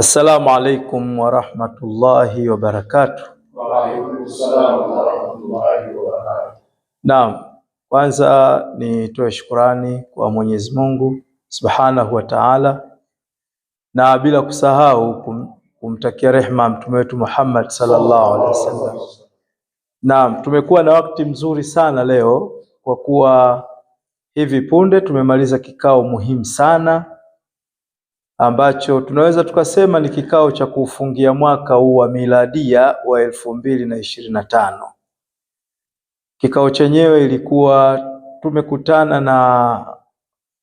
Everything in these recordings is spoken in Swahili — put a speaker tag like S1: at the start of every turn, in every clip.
S1: Assalamu alaikum warahmatullahi wabarakatuh.
S2: Wa alaikum
S1: Naam, kwanza nitoe shukurani kwa Mwenyezi Mungu subhanahu wa taala, na bila kusahau kumtakia rehma mtume wetu Muhammad sallallahu alaihi wasallam. Naam, tumekuwa na wakati mzuri sana leo kwa kuwa hivi punde tumemaliza kikao muhimu sana ambacho tunaweza tukasema ni kikao cha kuufungia mwaka huu wa miladia wa elfu mbili na ishirini na tano. Kikao chenyewe ilikuwa tumekutana na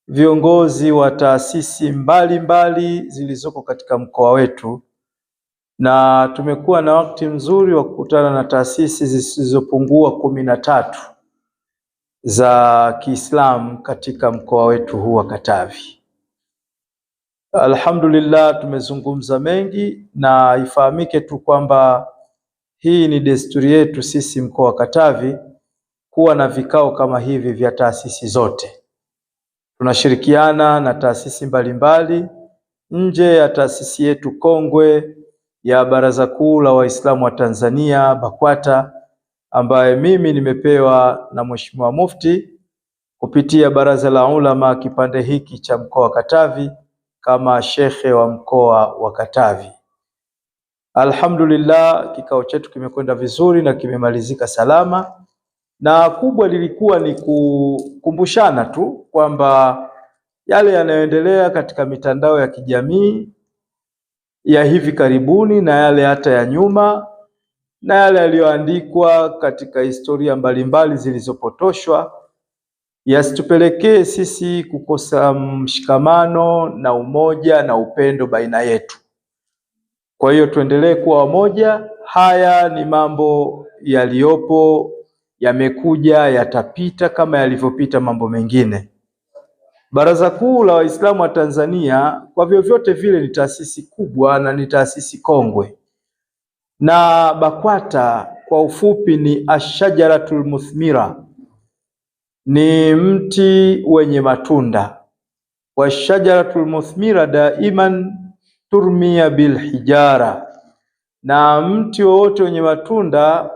S1: viongozi wa taasisi mbalimbali zilizoko katika mkoa wetu na tumekuwa na wakati mzuri wa kukutana na taasisi zisizopungua kumi na tatu za Kiislamu katika mkoa wetu huu wa Katavi. Alhamdulillah, tumezungumza mengi, na ifahamike tu kwamba hii ni desturi yetu sisi mkoa wa Katavi kuwa na vikao kama hivi vya taasisi zote. Tunashirikiana na taasisi mbalimbali nje ya taasisi yetu kongwe ya Baraza Kuu la Waislamu wa Tanzania BAKWATA, ambaye mimi nimepewa na Mheshimiwa Mufti kupitia Baraza la Ulama kipande hiki cha mkoa wa Katavi kama shekhe wa mkoa wa Katavi. Alhamdulillah, kikao chetu kimekwenda vizuri na kimemalizika salama, na kubwa lilikuwa ni kukumbushana tu kwamba yale yanayoendelea katika mitandao ya kijamii ya hivi karibuni na yale hata ya nyuma na yale yaliyoandikwa katika historia mbalimbali zilizopotoshwa yasitupelekee sisi kukosa mshikamano na umoja na upendo baina yetu. Kwa hiyo tuendelee kuwa wamoja. Haya ni mambo yaliyopo, yamekuja, yatapita kama yalivyopita mambo mengine. Baraza Kuu la Waislamu wa Tanzania kwa vyovyote vile ni taasisi kubwa na ni taasisi kongwe, na BAKWATA kwa ufupi ni ashajaratul muthmira ni mti wenye matunda. shajaratul lmuthmira daiman turmia bilhijara, na mti wowote wenye matunda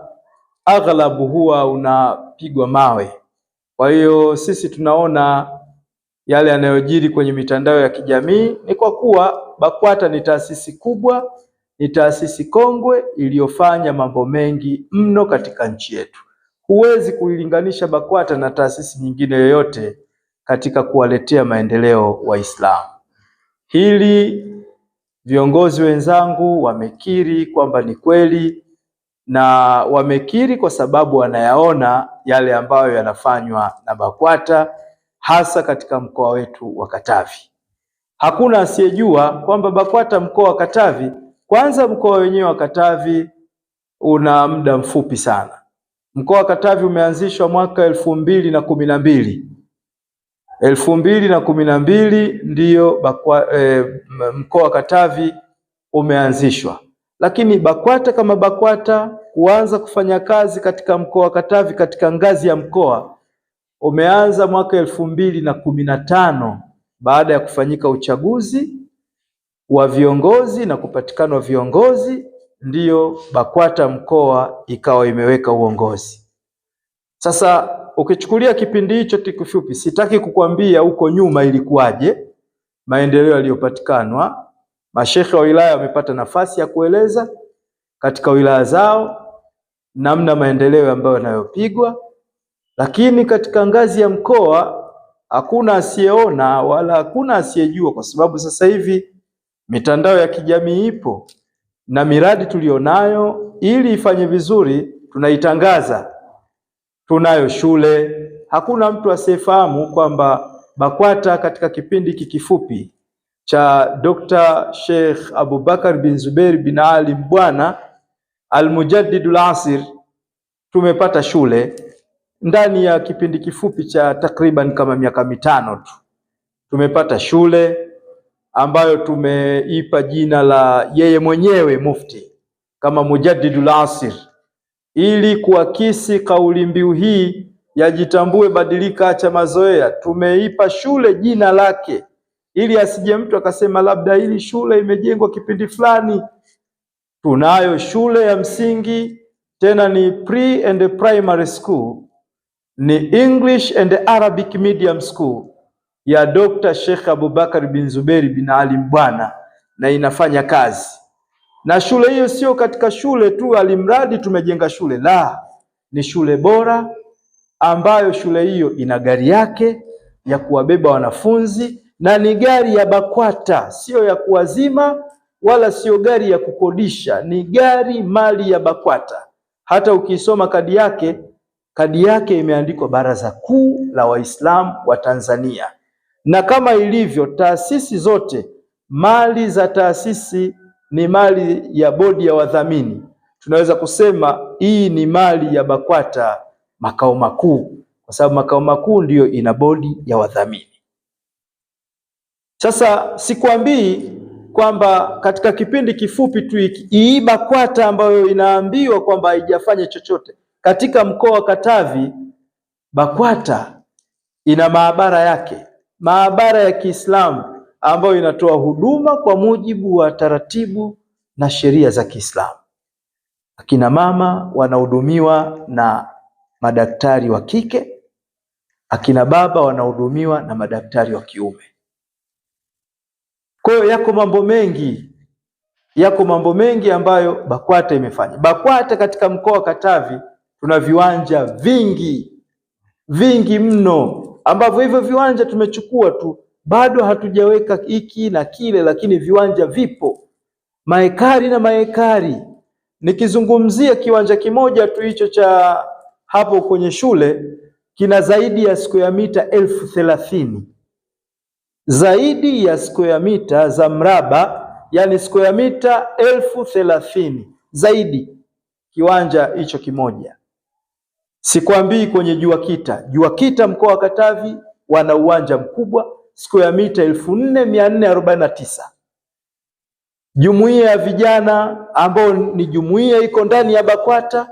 S1: aghlabu huwa unapigwa mawe. Kwa hiyo sisi tunaona yale yanayojiri kwenye mitandao ya kijamii ni kwa kuwa BAKWATA ni taasisi kubwa, ni taasisi kongwe iliyofanya mambo mengi mno katika nchi yetu huwezi kuilinganisha BAKWATA na taasisi nyingine yoyote katika kuwaletea maendeleo Waislamu. Hili viongozi wenzangu wamekiri kwamba ni kweli, na wamekiri kwa sababu wanayaona yale ambayo yanafanywa na BAKWATA hasa katika mkoa wetu wa Katavi. Hakuna asiyejua kwamba BAKWATA mkoa wa Katavi, kwanza mkoa wenyewe wa Katavi una muda mfupi sana Mkoa wa Katavi umeanzishwa mwaka elfu mbili na kumi na mbili elfu mbili na kumi na mbili ndiyo Bakwa, e, mkoa wa Katavi umeanzishwa, lakini BAKWATA kama BAKWATA kuanza kufanya kazi katika mkoa wa Katavi katika ngazi ya mkoa umeanza mwaka elfu mbili na kumi na tano baada ya kufanyika uchaguzi wa viongozi na kupatikana viongozi ndiyo BAKWATA mkoa ikawa imeweka uongozi. Sasa ukichukulia kipindi hicho kifupi, sitaki kukwambia huko nyuma ilikuwaje, maendeleo yaliyopatikanwa. mashehe wa wilaya wamepata nafasi ya kueleza katika wilaya zao namna maendeleo ambayo yanayopigwa, lakini katika ngazi ya mkoa hakuna asiyeona wala hakuna asiyejua, kwa sababu sasa hivi mitandao ya kijamii ipo na miradi tuliyonayo ili ifanye vizuri, tunaitangaza. Tunayo shule. Hakuna mtu asiyefahamu kwamba BAKWATA katika kipindi hiki kifupi cha Dr. Sheikh Abubakar bin Zubeir bin Ali Mbwana Almujaddidul Asir, tumepata shule ndani ya kipindi kifupi cha takriban kama miaka mitano tu tumepata shule ambayo tumeipa jina la yeye mwenyewe mufti kama mujaddidul asir, ili kuakisi kauli mbiu hii ya jitambue, badilika, acha mazoea. Tumeipa shule jina lake ili asije mtu akasema labda hili shule imejengwa kipindi fulani. Tunayo shule ya msingi tena ni pre and primary school, ni English and Arabic medium school ya Dr. Sheikh Abubakar bin Zuberi bin Ali Mbwana na inafanya kazi. Na shule hiyo sio katika shule tu alimradi tumejenga shule, la, ni shule bora ambayo shule hiyo ina gari yake ya kuwabeba wanafunzi na ni gari ya BAKWATA, siyo ya kuwazima wala siyo gari ya kukodisha, ni gari mali ya BAKWATA. Hata ukisoma kadi yake, kadi yake imeandikwa Baraza Kuu la Waislamu wa Tanzania. Na kama ilivyo taasisi zote, mali za taasisi ni mali ya bodi ya wadhamini. Tunaweza kusema hii ni mali ya BAKWATA makao makuu, kwa sababu makao makuu ndiyo ina bodi ya wadhamini. Sasa sikwambii kwamba katika kipindi kifupi tu hii BAKWATA ambayo inaambiwa kwamba haijafanya chochote katika mkoa wa Katavi, BAKWATA ina maabara yake maabara ya Kiislamu ambayo inatoa huduma kwa mujibu wa taratibu na sheria za Kiislamu. Akina mama wanahudumiwa na madaktari wa kike, akina baba wanahudumiwa na madaktari wa kiume. Kwa hiyo yako mambo mengi, yako mambo mengi ambayo BAKWATA imefanya. BAKWATA katika mkoa wa Katavi tuna viwanja vingi vingi mno ambavyo hivyo viwanja tumechukua tu, bado hatujaweka hiki na kile, lakini viwanja vipo maekari na maekari. Nikizungumzia kiwanja kimoja tu hicho cha hapo kwenye shule kina zaidi ya square mita elfu thelathini zaidi ya square mita za mraba, yani square mita elfu thelathini zaidi kiwanja hicho kimoja. Sikwambii kwenye jua kita. Jua kita mkoa wa Katavi wana uwanja mkubwa siku ya mita elfu nne mia nne arobaini na tisa. Jumuiya ya vijana ambao ni jumuiya iko ndani ya BAKWATA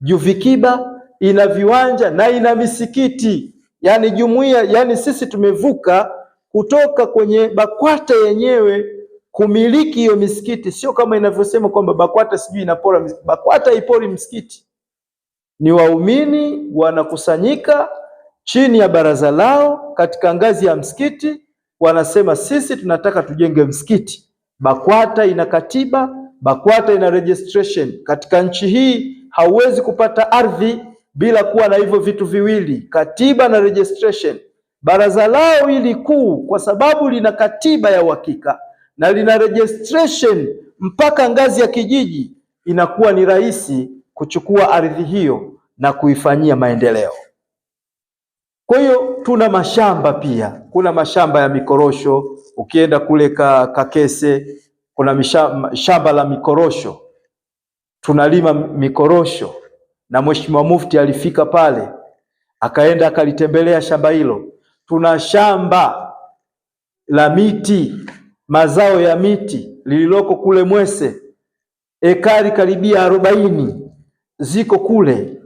S1: JUVIKIBA ina viwanja na ina misikiti, yaani jumuiya, yaani sisi tumevuka kutoka kwenye BAKWATA yenyewe kumiliki hiyo misikiti, sio kama inavyosema kwamba BAKWATA sijui inapora misikiti. BAKWATA ipori msikiti ni waumini wanakusanyika chini ya baraza lao katika ngazi ya msikiti, wanasema sisi tunataka tujenge msikiti. BAKWATA ina katiba, BAKWATA ina registration. Katika nchi hii hauwezi kupata ardhi bila kuwa na hivyo vitu viwili, katiba na registration. Baraza lao hili kuu, kwa sababu lina katiba ya uhakika na lina registration mpaka ngazi ya kijiji, inakuwa ni rahisi kuchukua ardhi hiyo na kuifanyia maendeleo. Kwa hiyo tuna mashamba pia, kuna mashamba ya mikorosho. Ukienda kule ka, Kakese kuna mishamba, shamba la mikorosho, tunalima mikorosho na Mheshimiwa Mufti alifika pale akaenda akalitembelea shamba hilo. Tuna shamba la miti, mazao ya miti lililoko kule Mwese, ekari karibia arobaini ziko kule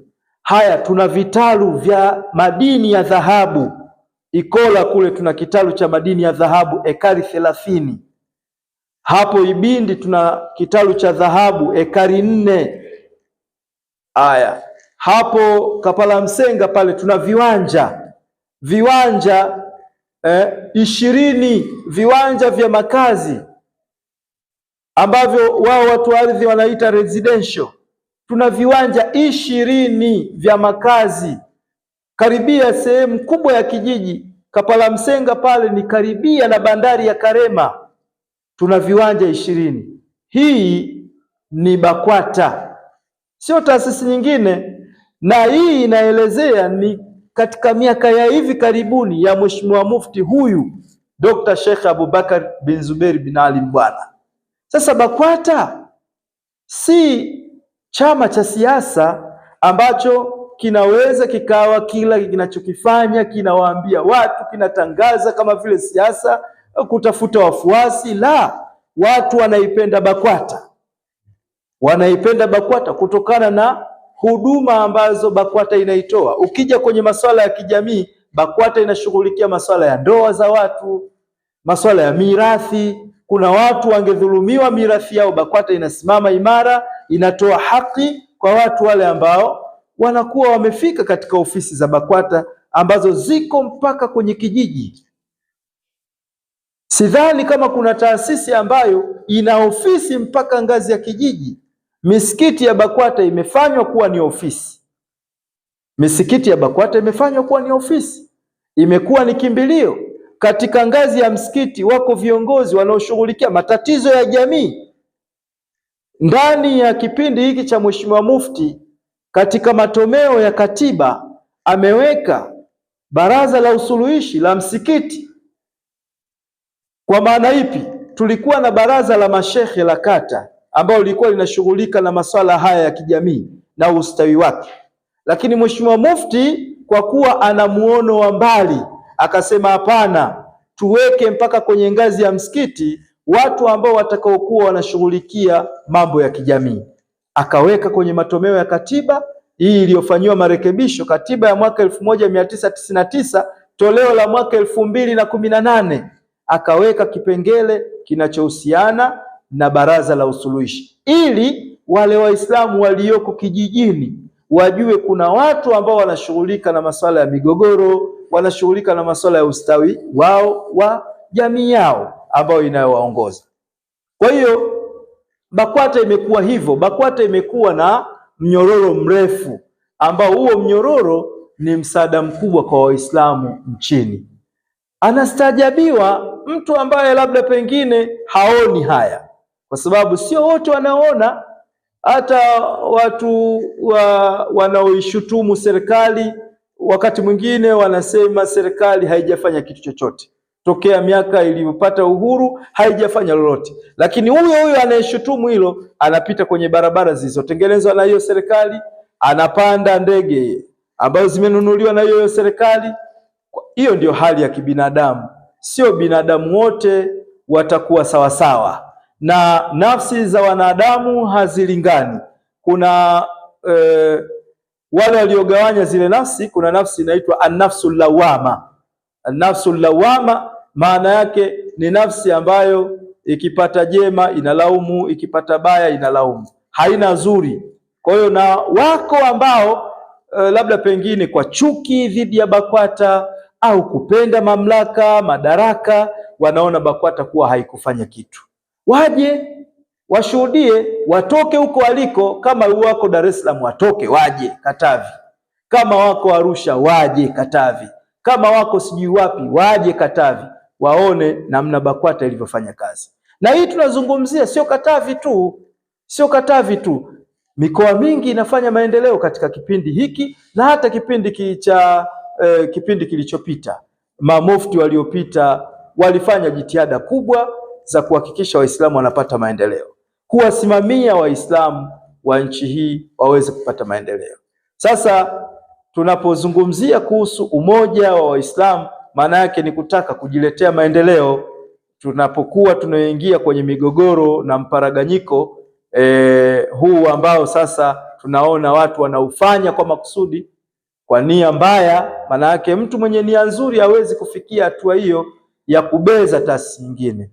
S1: Haya, tuna vitalu vya madini ya dhahabu Ikola kule tuna kitalu cha madini ya dhahabu ekari thelathini. Hapo Ibindi tuna kitalu cha dhahabu ekari nne. Haya, hapo Kapala Msenga pale tuna viwanja viwanja eh, ishirini viwanja vya makazi ambavyo wao watu wa ardhi wanaita residential tuna viwanja ishirini vya makazi karibia sehemu kubwa ya kijiji. Kapalamsenga pale ni karibia na bandari ya Karema, tuna viwanja ishirini. Hii ni BAKWATA, sio taasisi nyingine, na hii inaelezea ni katika miaka ya hivi karibuni ya Mheshimiwa Mufti huyu Dr. Sheikh Abubakar bin Zuberi bin Ali Mbwana. Sasa BAKWATA si chama cha siasa ambacho kinaweza kikawa kila kinachokifanya kinawaambia watu, kinatangaza kama vile siasa kutafuta wafuasi. La, watu wanaipenda BAKWATA, wanaipenda BAKWATA kutokana na huduma ambazo BAKWATA inaitoa. Ukija kwenye masuala ya kijamii, BAKWATA inashughulikia masuala ya ndoa za watu, masuala ya mirathi. Kuna watu wangedhulumiwa mirathi yao, BAKWATA inasimama imara inatoa haki kwa watu wale ambao wanakuwa wamefika katika ofisi za BAKWATA ambazo ziko mpaka kwenye kijiji. Sidhani kama kuna taasisi ambayo ina ofisi mpaka ngazi ya kijiji. Misikiti ya BAKWATA imefanywa kuwa ni ofisi, misikiti ya BAKWATA imefanywa kuwa ni ofisi, imekuwa ni kimbilio. Katika ngazi ya msikiti wako viongozi wanaoshughulikia matatizo ya jamii ndani ya kipindi hiki cha Mheshimiwa Mufti katika matomeo ya katiba ameweka baraza la usuluhishi la msikiti. Kwa maana ipi? Tulikuwa na baraza la mashehe la kata ambalo lilikuwa linashughulika na masuala haya ya kijamii na ustawi wake, lakini Mheshimiwa Mufti kwa kuwa ana muono wa mbali akasema hapana, tuweke mpaka kwenye ngazi ya msikiti watu ambao watakaokuwa wanashughulikia mambo ya kijamii. Akaweka kwenye matomeo ya katiba hii iliyofanyiwa marekebisho, katiba ya mwaka elfu moja mia tisa tisini na tisa toleo la mwaka elfu mbili na kumi na nane akaweka kipengele kinachohusiana na baraza la usuluhishi ili wale Waislamu walioko kijijini wajue kuna watu ambao wanashughulika na masuala ya migogoro, wanashughulika na masuala ya ustawi wao wa jamii yao ambayo inayowaongoza. Kwa hiyo BAKWATA imekuwa hivyo. BAKWATA imekuwa na mnyororo mrefu ambao huo mnyororo ni msaada mkubwa kwa Waislamu nchini. Anastajabiwa mtu ambaye labda pengine haoni haya, kwa sababu sio wote wanaona. Hata watu wa, wanaoishutumu serikali wakati mwingine wanasema serikali haijafanya kitu chochote tokea miaka iliyopata uhuru haijafanya lolote, lakini huyo huyo anayeshutumu hilo anapita kwenye barabara zilizotengenezwa na hiyo serikali, anapanda ndege ambazo zimenunuliwa na hiyo serikali. Hiyo ndiyo hali ya kibinadamu. Sio binadamu wote watakuwa sawasawa, na nafsi za wanadamu hazilingani. Kuna e, wale waliogawanya zile nafsi. Kuna nafsi inaitwa anafsul lawama, anafsul lawama maana yake ni nafsi ambayo ikipata jema inalaumu, ikipata baya inalaumu, haina zuri. Kwa hiyo na wako ambao e, labda pengine kwa chuki dhidi ya BAKWATA au kupenda mamlaka, madaraka, wanaona BAKWATA kuwa haikufanya kitu, waje washuhudie, watoke huko waliko. Kama wako Dar es Salaam watoke waje Katavi, kama wako Arusha waje Katavi, kama wako sijui wapi waje Katavi waone namna BAKWATA ilivyofanya kazi. Na hii tunazungumzia sio Katavi tu, sio Katavi tu, mikoa mingi inafanya maendeleo katika kipindi hiki na hata kipindi kicha eh, kipindi kilichopita. Mamufti waliopita walifanya jitihada kubwa za kuhakikisha Waislamu wanapata maendeleo, kuwasimamia Waislamu wa nchi hii waweze kupata maendeleo. Sasa tunapozungumzia kuhusu umoja wa Waislamu maana yake ni kutaka kujiletea maendeleo. Tunapokuwa tunaingia kwenye migogoro na mparaganyiko e, huu ambao sasa tunaona watu wanaufanya kwa makusudi, kwa nia mbaya. Maana yake mtu mwenye nia nzuri hawezi kufikia hatua hiyo ya kubeza taasisi nyingine.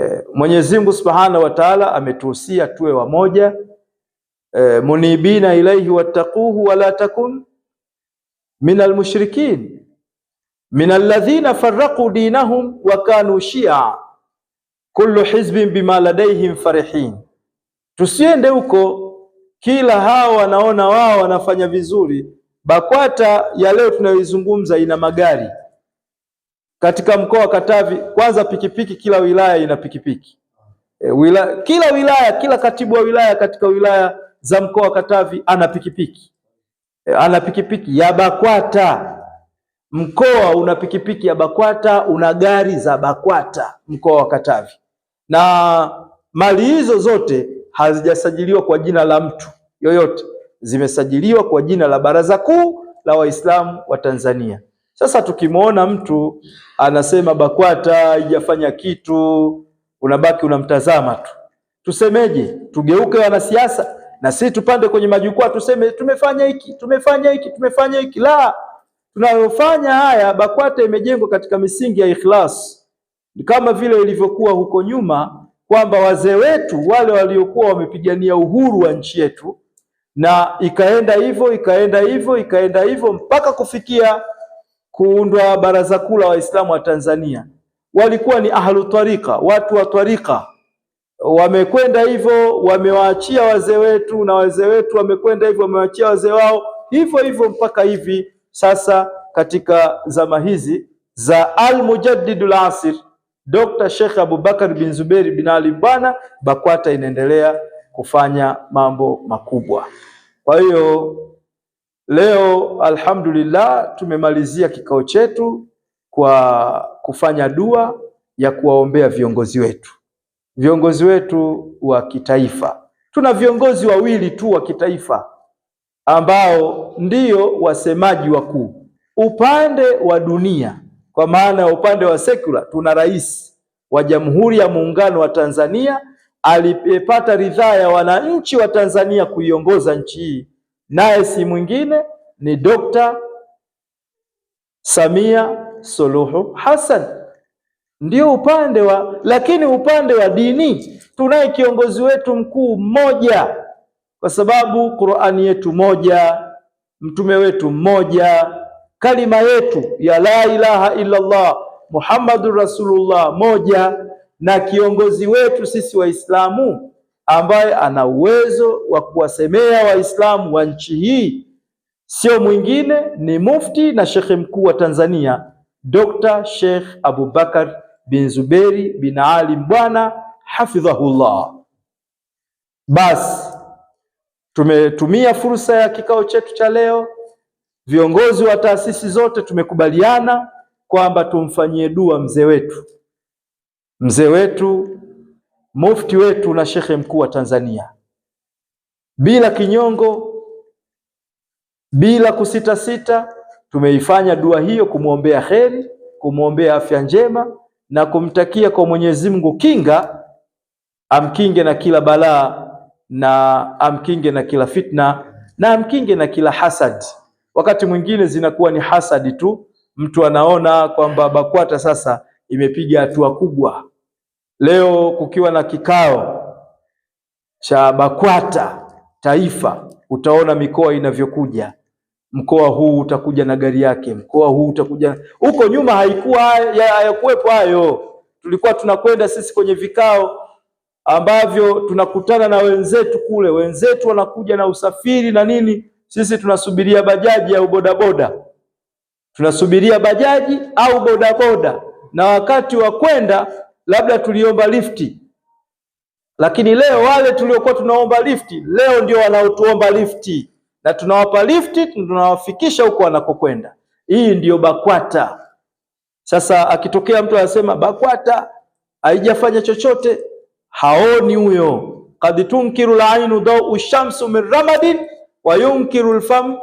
S1: E, Mwenyezi Mungu Subhanahu wa Ta'ala ametuhusia tuwe wamoja, e, munibina ilaihi wattaquhu wala takun minal mushrikin min alladhina farraqu dinahum wa kanu shia kullu hizbin bima ladayhim farihin. Tusiende huko kila hawa wanaona wao wanafanya vizuri. BAKWATA ya leo tunayoizungumza ina magari katika mkoa wa Katavi. Kwanza pikipiki, kila wilaya ina pikipiki e, wilaya, kila wilaya, kila katibu wa wilaya katika wilaya za mkoa wa Katavi ana pikipiki e, ana pikipiki ya BAKWATA Mkoa una pikipiki ya BAKWATA, una gari za BAKWATA mkoa wa Katavi, na mali hizo zote hazijasajiliwa kwa jina la mtu yoyote, zimesajiliwa kwa jina la Baraza Kuu la Waislamu wa Tanzania. Sasa tukimwona mtu anasema BAKWATA haijafanya kitu, unabaki unamtazama tu. Tusemeje? Tugeuke wanasiasa na sisi tupande kwenye majukwaa tuseme tumefanya hiki, tumefanya hiki, tumefanya hiki? La. Tunayofanya haya, BAKWATA imejengwa katika misingi ya ikhlas, ni kama vile ilivyokuwa huko nyuma, kwamba wazee wetu wale waliokuwa wamepigania uhuru wa nchi yetu, na ikaenda hivyo ikaenda hivyo ikaenda hivyo mpaka kufikia kuundwa Baraza Kuu la Waislamu wa Tanzania. Walikuwa ni ahlu tariqa, watu wa tariqa wamekwenda hivyo, wamewaachia wazee wetu, na wazee wetu wamekwenda hivyo, wamewaachia wazee wao, hivyo hivyo mpaka hivi sasa katika zama hizi za Al-Mujaddid al-Asir, Dr. Sheikh Abubakar bin Zuberi bin Ali Bwana, BAKWATA inaendelea kufanya mambo makubwa. Kwa hiyo leo alhamdulillah tumemalizia kikao chetu kwa kufanya dua ya kuwaombea viongozi wetu, viongozi wetu wa kitaifa. Tuna viongozi wawili tu wa kitaifa ambao ndio wasemaji wakuu. Upande wa dunia, kwa maana ya upande wa sekula, tuna rais wa Jamhuri ya Muungano wa Tanzania aliyepata ridhaa ya wananchi wa Tanzania kuiongoza nchi hii, naye si mwingine ni Dokta Samia Suluhu Hassan, ndio upande wa. Lakini upande wa dini tunaye kiongozi wetu mkuu mmoja kwa sababu Qur'ani yetu moja, mtume wetu mmoja, kalima yetu ya la ilaha illallah Muhammadur Rasulullah moja, na kiongozi wetu sisi Waislamu ambaye ana uwezo wa kuwasemea Waislamu wa nchi hii sio mwingine ni mufti na shekhe mkuu wa Tanzania Dr. Sheikh Abubakar bin Zuberi bin Ali Bwana hafidhahullah. Basi Tumetumia fursa ya kikao chetu cha leo, viongozi wa taasisi zote tumekubaliana kwamba tumfanyie dua mzee wetu, mzee wetu, mufti wetu na shekhe mkuu wa Tanzania, bila kinyongo, bila kusitasita. Tumeifanya dua hiyo kumwombea heri, kumwombea afya njema na kumtakia kwa Mwenyezi Mungu kinga, amkinge na kila balaa na amkinge na kila fitna na amkinge na kila hasad. Wakati mwingine zinakuwa ni hasadi tu, mtu anaona kwamba BAKWATA sasa imepiga hatua kubwa. Leo kukiwa na kikao cha BAKWATA taifa, utaona mikoa inavyokuja mkoa huu utakuja na gari yake, mkoa huu utakuja. Huko nyuma haikuwa hayakuwepo hayo, tulikuwa tunakwenda sisi kwenye vikao ambavyo tunakutana na wenzetu kule, wenzetu wanakuja na usafiri na nini, sisi tunasubiria bajaji au bodaboda, tunasubiria bajaji au bodaboda, na wakati wa kwenda labda tuliomba lifti, lakini leo wale tuliokuwa tunaomba lifti leo ndio wanaotuomba lifti, na tunawapa lifti, tunawafikisha huko wanakokwenda. Hii ndiyo BAKWATA. Sasa akitokea mtu anasema BAKWATA haijafanya chochote haoni huyo. Kad tunkiru lainu dau shamsu min ramadin wa yunkiru lfam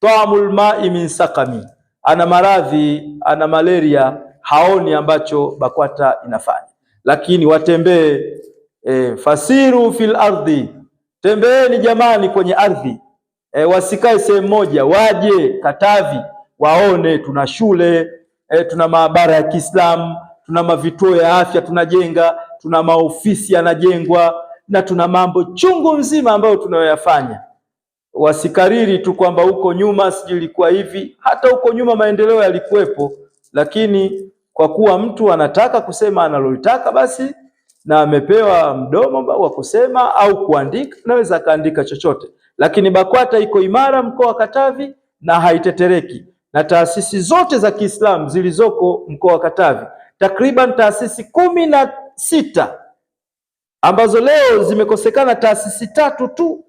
S1: taamu lmai min sakami, ana maradhi, ana malaria, haoni ambacho BAKWATA inafanya. Lakini watembee e, fasiru fil ardhi, tembeeni jamani kwenye ardhi e, wasikae sehemu moja, waje Katavi waone tuna shule e, tuna maabara ya Kiislamu tuna mavituo ya afya tunajenga, tuna maofisi yanajengwa, na tuna mambo chungu mzima ambayo tunayoyafanya. Wasikariri tu kwamba huko nyuma sijui ilikuwa hivi. Hata huko nyuma maendeleo yalikuwepo, lakini kwa kuwa mtu anataka kusema analolitaka basi na amepewa mdomo wa kusema au kuandika, naweza akaandika chochote. Lakini BAKWATA iko imara mkoa wa Katavi na haitetereki, na taasisi zote za Kiislamu zilizoko mkoa wa Katavi takriban taasisi kumi na sita ambazo leo zimekosekana taasisi tatu tu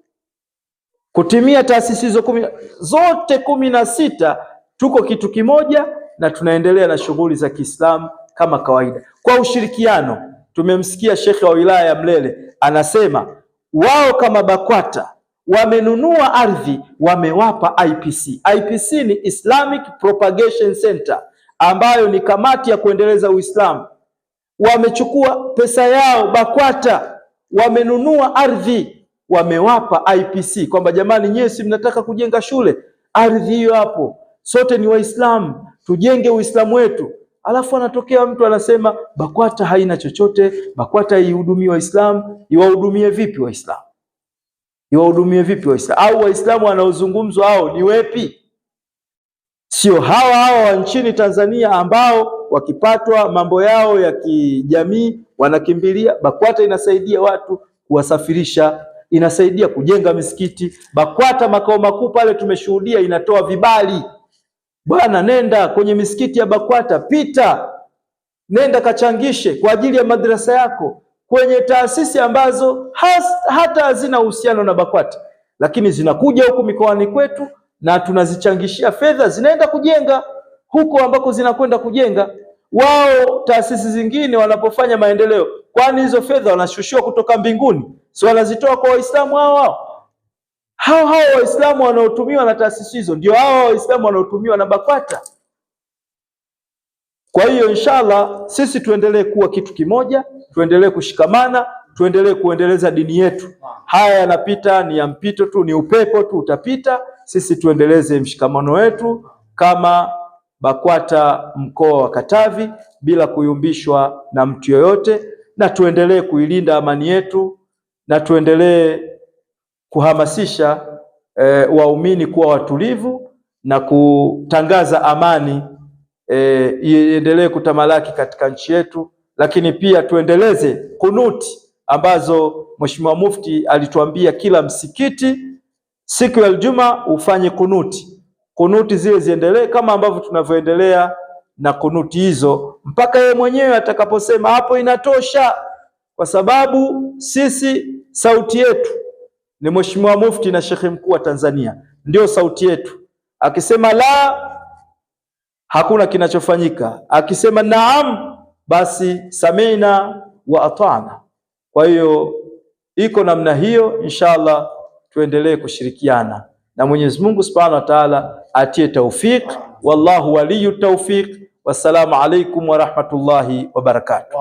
S1: kutimia taasisi hizo kumi, zote kumi na sita, tuko kitu kimoja na tunaendelea na shughuli za Kiislamu kama kawaida kwa ushirikiano. Tumemsikia shekhe wa wilaya ya Mlele anasema wao kama BAKWATA wamenunua ardhi, wamewapa IPC. IPC ni Islamic Propagation Center, ambayo ni kamati ya kuendeleza Uislamu, wamechukua pesa yao BAKWATA, wamenunua ardhi, wamewapa IPC kwamba jamani, nyewe si mnataka kujenga shule, ardhi hiyo hapo, sote ni Waislamu, tujenge Uislamu wetu. Alafu anatokea mtu anasema BAKWATA haina chochote, BAKWATA ihudumie Waislamu. Iwahudumie vipi Waislamu? Iwahudumie vipi Waislamu? Au Waislamu wanaozungumzwa hao ni wepi? sio hawa hawa wa nchini Tanzania ambao wakipatwa mambo yao ya kijamii wanakimbilia BAKWATA. Inasaidia watu kuwasafirisha, inasaidia kujenga misikiti. BAKWATA makao makuu pale tumeshuhudia inatoa vibali, bwana, nenda kwenye misikiti ya BAKWATA, pita, nenda kachangishe kwa ajili ya madrasa yako kwenye taasisi ambazo has, hata hazina uhusiano na BAKWATA, lakini zinakuja huku mikoani kwetu na tunazichangishia fedha zinaenda kujenga huko ambako zinakwenda kujenga. Wao taasisi zingine wanapofanya maendeleo, kwani hizo fedha wanashushiwa kutoka mbinguni? Si wanazitoa kwa Waislamu hao hao hao hao? Waislamu wanaotumiwa na taasisi hizo ndio hao Waislamu wanaotumiwa na BAKWATA. Kwa hiyo inshallah, sisi tuendelee kuwa kitu kimoja, tuendelee kushikamana tuendelee kuendeleza dini yetu. Haya yanapita, ni ya mpito tu, ni upepo tu, utapita. Sisi tuendeleze mshikamano wetu kama BAKWATA mkoa wa Katavi bila kuyumbishwa na mtu yoyote, na tuendelee kuilinda amani yetu, na tuendelee kuhamasisha e, waumini kuwa watulivu na kutangaza amani eh, iendelee e, kutamalaki katika nchi yetu, lakini pia tuendeleze kunuti ambazo Mheshimiwa Mufti alituambia kila msikiti siku ya Ijumaa ufanye kunuti. Kunuti zile ziendelee kama ambavyo tunavyoendelea na kunuti hizo mpaka yeye mwenyewe atakaposema hapo inatosha, kwa sababu sisi sauti yetu ni Mheshimiwa Mufti na Shekhe Mkuu wa Tanzania, ndio sauti yetu. Akisema la, hakuna kinachofanyika. Akisema naam, basi samina wa atana. Kwa hiyo iko namna hiyo, inshallah tuendelee kushirikiana na Mwenyezi Mungu Subhanahu wa Ta'ala atie taufik. Wallahu waliyu taufik. Wassalamu alaikum warahmatullahi barakatuh.